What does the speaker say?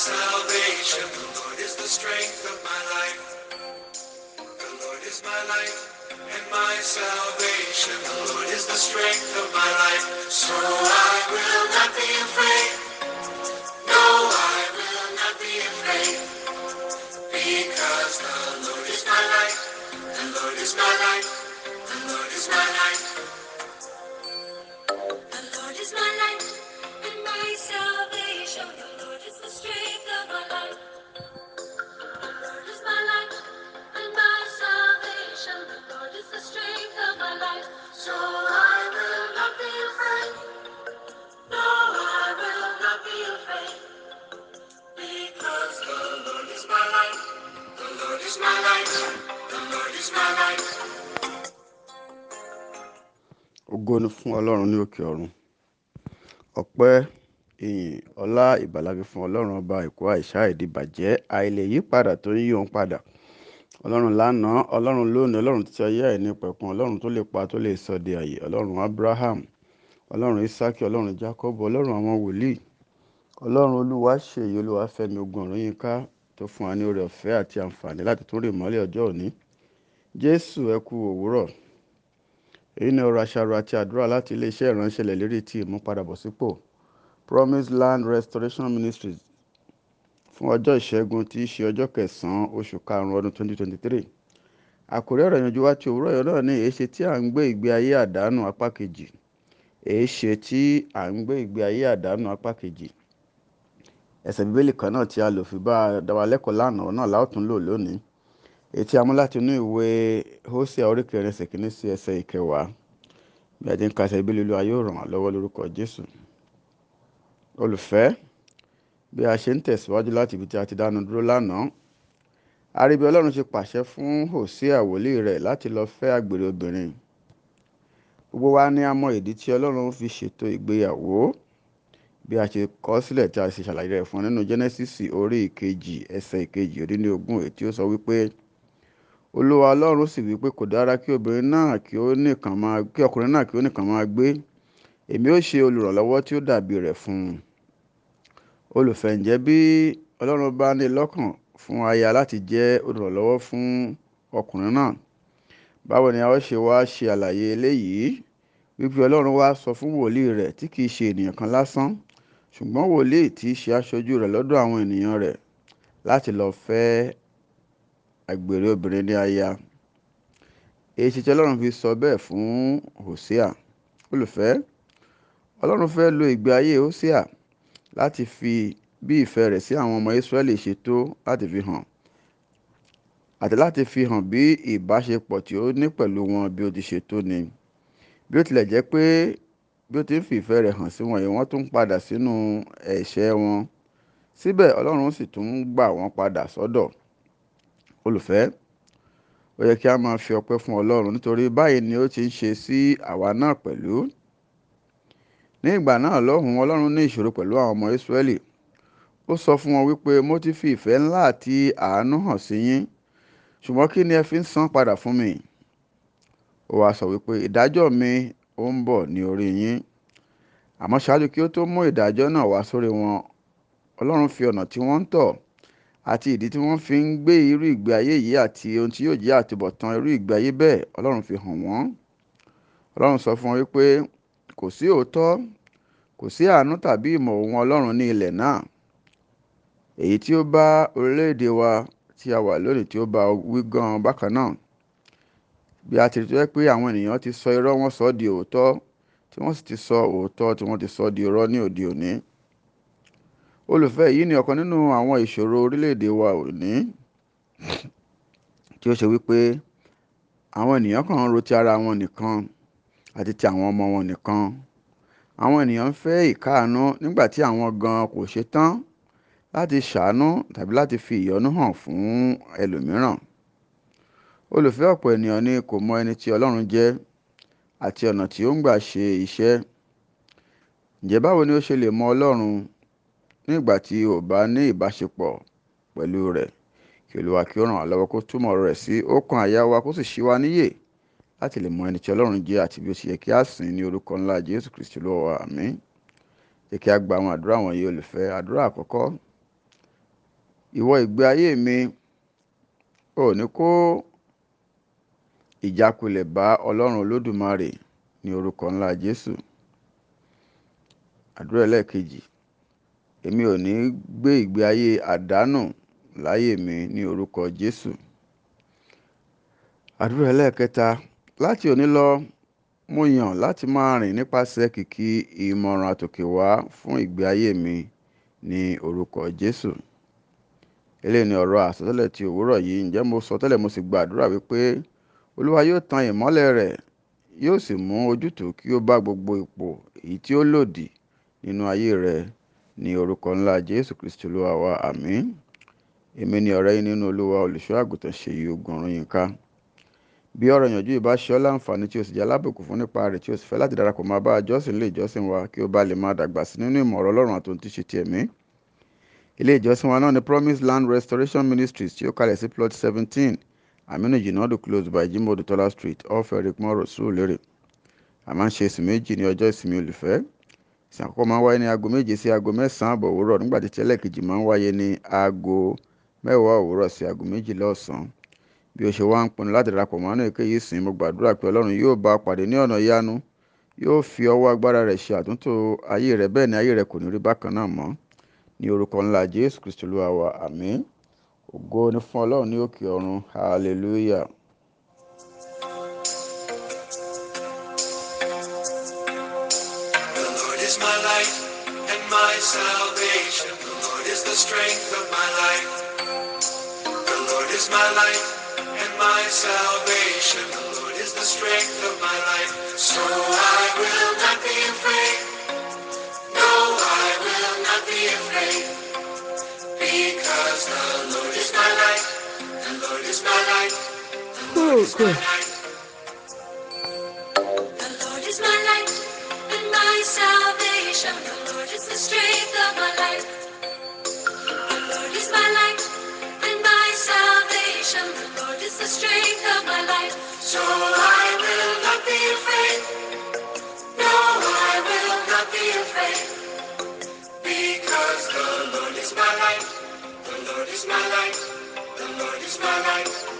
salvation. The Lord is the strength of my life. The Lord is my life and my salvation. The Lord is the strength of my life. So I will not be afraid. No, I will not be afraid. Because the Lord is my life. The Lord is my life. Ogun ni fún ọlọ́run ní òkè ọ̀run ọpẹ́ ìyìn ọlá ìbàlágé fún ọlọ́run ọba ìkó àìsà ìdìbàjẹ́ àìlè yípadà tó yí òun padà ọlọ́run lánàá ọlọ́run lónìí ọlọ́run títí ayé àìní pẹ̀kun ọlọ́run tó lè pa tó lè sọ di àyè ọlọ́run abraham ọlọ́run isaki ọlọ́run jacob ọlọ́run àwọn wòlíì ọlọ́run olúwa ṣèyí olúwa fẹ́mi ogun ọ̀run yín ká tó fún wa ní oore ọ̀fẹ́ àti àǹfààní láti tún rè mọ́lẹ̀ ọjọ́ òní jésù ẹ kú òwúrọ̀ èyí ni ọ̀rọ̀ àṣàrò àti àdúrà láti iléeṣẹ́ ìránṣẹ́ ilẹ̀ lérí ti ìmúpadàbọ̀sípò promise land restoration ministries fún ọjọ́ ìṣẹ́gun tí í ṣe ọjọ́ kẹsàn-án oṣù karùn-ún ọdún 2023 àkórí ọ̀rọ̀ ìyànjú wa ti òwúrọ̀ yọ̀ náà ní èéṣe tí à ń gbé ìgbé ayé àdánù apá kejì èéṣe tí à ń gbé ìgbé ayé àdánù apá kejì ẹsẹ̀ bíbélì kan náà tí a lò fi bá dáwà lẹ́kọ̀ọ́ lánàá náà láòtún lò lónìí ètí amú láti inú ìwé Hósè orí kẹrin ẹsẹ̀ kìíní sí ẹsẹ̀ ìkẹwàá bí a ti ń kaṣẹ ibi lílo ayé ràn wá lọ́wọ́ lórúkọ Jésù olùfẹ́ bí a ṣe ń tẹ̀síwájú láti ibi tí a ti dánu dúró lánàá a rí bí Ọlọ́run ṣe pàṣẹ fún Hósè àwòlí rẹ̀ láti lọ fẹ́ àgbèrè obìnrin gbogbo wa ni a ìdí tí Ọlọ́run fi ṣètò ìgbéyàwó bí a ṣe kọ sílẹ̀ tí a ṣe ṣàlàyé rẹ̀ fún nínú Jẹ́nẹ́sísì orí ìkejì ẹsẹ̀ ìkejì òdínní ogún èyí tí ó sọ wípé olúwa ọlọ́run sì wí pé kò dára kí obìnrin náà kí ó nìkan máa kí ọkùnrin náà kí ó nìkan máa gbé èmi ó ṣe olùrànlọ́wọ́ tí ó dàbí rẹ̀ fún un olùfẹ́ ǹjẹ́ bí ọlọ́run bá ní lọ́kàn fún aya láti jẹ́ olùrànlọ́wọ́ fún ọkùnrin náà báwo ni a ó ṣe wá ṣe àlàyé eléyìí wípé ọlọ́run wá sọ fún wòlíì rẹ̀ tí kìí ṣe ènìyàn kan lásán ṣùgbọ́n wòlíì tí í ṣe aṣojú rẹ̀ lọ́dọ̀ àwọn ènìyàn rẹ̀ láti lọ́ọ́ fẹ́ àgbèrè obìnrin ní aya èyí tí ọlọ́run fi sọ bẹ́ẹ̀ fún hosea olùfẹ́ ọlọ́run fẹ́ lo ìgbé ayé hosea láti fi bí ìfẹ́ rẹ̀ sí àwọn ọmọ israẹli ṣe tó láti fi hàn àti láti fi hàn bí ìbáṣepọ̀ tí ó ní pẹ̀lú wọn bí ó ti ṣe tó ni bí ó tilẹ̀ jẹ́ pé bí ó ti ń fi ìfẹ́ rẹ̀ hàn sí wọn yìí wọ́n tún ń padà sínú ẹ̀ṣẹ̀ wọn síbẹ̀ ọlọ́run sì tún gbà wọ́n padà sọ́dọ̀ olùfẹ́ ó yẹ kí a máa fi ọpẹ́ fún ọlọ́run nítorí báyìí ni ó ti ń ṣe sí àwa náà pẹ̀lú ní ìgbà náà lọ́hùn ọlọ́run ní ìṣòro pẹ̀lú àwọn ọmọ ìsírẹ́lì ó sọ fún wọn wípé mo ti fi ìfẹ́ ńlá àti àánú hàn sí yín ṣùgbọ́n kí ni ẹ fi ń san padà fún mi ó wáá sọ wípé ìdájọ́ mi ó ń bọ̀ ní orí yín àmọ́ ṣáájú kí ó tó mú ìdájọ́ náà wá sórí wọn ọlọ́run fi ọ̀nà tí wọ́n ń tọ̀ àti ìdí tí wọ́n fi ń gbé irú ìgbé ayé yìí àti ohun tí yóò jẹ́ àtúbọ̀tán irú ìgbé ayé bẹ́ẹ̀ ọlọ́run fi hàn wọ́n ọlọ́run sọ fún wọn wípé kò sí òótọ́ kò sí àánú tàbí ìmọ̀ ohun ọlọ́run ní ilẹ̀ náà èyí tí ó bá orílẹ̀-èdè wa tí a wà lónìí tí ó bá wí gan bákan náà bí a ti rí tó pé àwọn ènìyàn ti sọ irọ́ wọn sọ di òótọ́ tí wọ́n sì ti sọ òótọ́ tí wọ́n ti sọ di irọ́ ní òde òní olùfẹ́ yìí ni ọ̀kan nínú àwọn ìṣòro orílẹ̀-èdè wa òní tí ó ṣe wípé àwọn ènìyàn kan ń ro ti ara wọn nìkan àti ti àwọn ọmọ wọn nìkan àwọn ènìyàn ń fẹ́ ìkáàánú nígbà tí àwọn gan kò ṣe tán láti ṣàánú tàbí láti fi ìyọ́nú hàn fún ẹlòmíràn olùfẹ́ ọ̀pọ̀ ènìyàn ni kò mọ ẹni tí ọlọ́run jẹ́ àti ọ̀nà tí ó ń gbà ṣe iṣẹ́ ǹjẹ́ báwo ni ó ṣe lè mọ ọlọ́run ní ìgbà tí o bá ní ìbáṣepọ̀ pẹ̀lú rẹ̀. Kí Olúwa kí ó ràn wá lọ́wọ́ kó túmọ̀ rẹ̀ sí ọkàn àyà wa kó sì ṣí wa níyè láti lè mọ ẹni tí Ọlọ́run jẹ́ àti bí ó ṣe yẹ kí a sìn ní orúkọ ńlá Jésù Kristi Olúwa wa. Àmín. Jẹ́ kí a gba àwọn àdúrà wọ̀nyí olùfẹ́. Àdúrà àkọ́kọ́. Ìwọ ìgbé ayé mi, o ò ní kó ìjákulẹ̀ bá Ọlọ́run Olódùmarè ní orúkọ ńlá Jésù. Àdúrà ẹlẹ́ẹ̀kejì. Èmi ò ní gbé ìgbé ayé àdánù láyé mi ní orúkọ Jésù. Àdúrà ẹlẹ́ẹ̀kẹta, láti òní lọ, mo yàn láti máa rìn nípasẹ̀ kìkì ìmọ̀ràn àtòkè wá fún ìgbé ayé mi ní orúkọ Jésù. Eléyìí ni ọ̀rọ̀ àsọtẹ́lẹ̀ ti òwúrọ̀ yìí. Ǹjẹ́ mo sọ tẹ́lẹ̀ mo sì gba àdúrà wípé Olúwa yóò tan ìmọ́lẹ̀ rẹ̀, yóò sì mú ojútùú kí ó bá gbogbo ipò èyí tí ó lòdì nínú ayé rẹ ní orúkọ ńlá jésù kristu olúwa wa àmín èmi ni ọ̀rẹ́ yín nínú olúwa olùṣọ́ àgùntàn ṣèyí ogun ọ̀run yín ká bí ọ̀rọ̀ ìyànjú yìí bá ṣe ọ́ láǹfààní tí o sì jẹ́ alábòkù fún nípa rẹ̀ tí o sì fẹ́ láti darapọ̀ máa bá àjọsìn ilé ìjọsìn wa kí o bá lè máa dàgbà sí nínú ìmọ̀ ọ̀rọ̀ ọlọ́run àtòun tí ṣe ti ẹ̀mí ilé ìjọsìn wa náà ni promise land restoration ministries tí ó kalẹ̀ sí plot seventeen aminu jinadu close by jimodu tola street off eric moro sùúrù lérè a máa ń ṣe ìsìn méjì ní ọjọ́ ìsinmi olùfẹ́ tí àkọ́kọ́ máa ń wáyé ní aago méje sí aago mẹ́sàn-án àbọ̀ òwúrọ̀ nígbà tí ti ẹlẹ́ẹ̀kejì máa ń wáyé ní aago mẹ́wàá òwúrọ̀ sí aago méjìlá ọ̀sán. Bí o ṣe wá ń pinnu láti darapọ̀ mọ́ nínú èyíkéyìí ìsìn, mo gbàdúrà pé Ọlọ́run yóò bá ọ pàdé ní ọ̀nà ìyanu, yóò fi ọwọ́ agbára rẹ̀ ṣe àtúntò ayé rẹ bẹ́ẹ̀ ni ayé rẹ kò ní rí bákan náà mọ́. Ní orúkọ ńlá Jésù Kristi Olúwa wa, àmín. Ògo ni fún Ọlọ́run ní òkè ọ̀run. Hallelujah. is my light and my salvation. The Lord is the strength of my life. The Lord is my light and my salvation. The Lord is the strength of my life. So I will not be afraid. No, I will not be afraid. Because the Lord is my light. The Lord is my light. Oh, the Lord is my light. The Lord is my light and my salvation. The Lord is the strength of my life. The Lord is my light and my salvation. The Lord is the strength of my life. So I will not be afraid. No, I will not be afraid. Because the Lord is my light. The Lord is my light. The Lord is my light.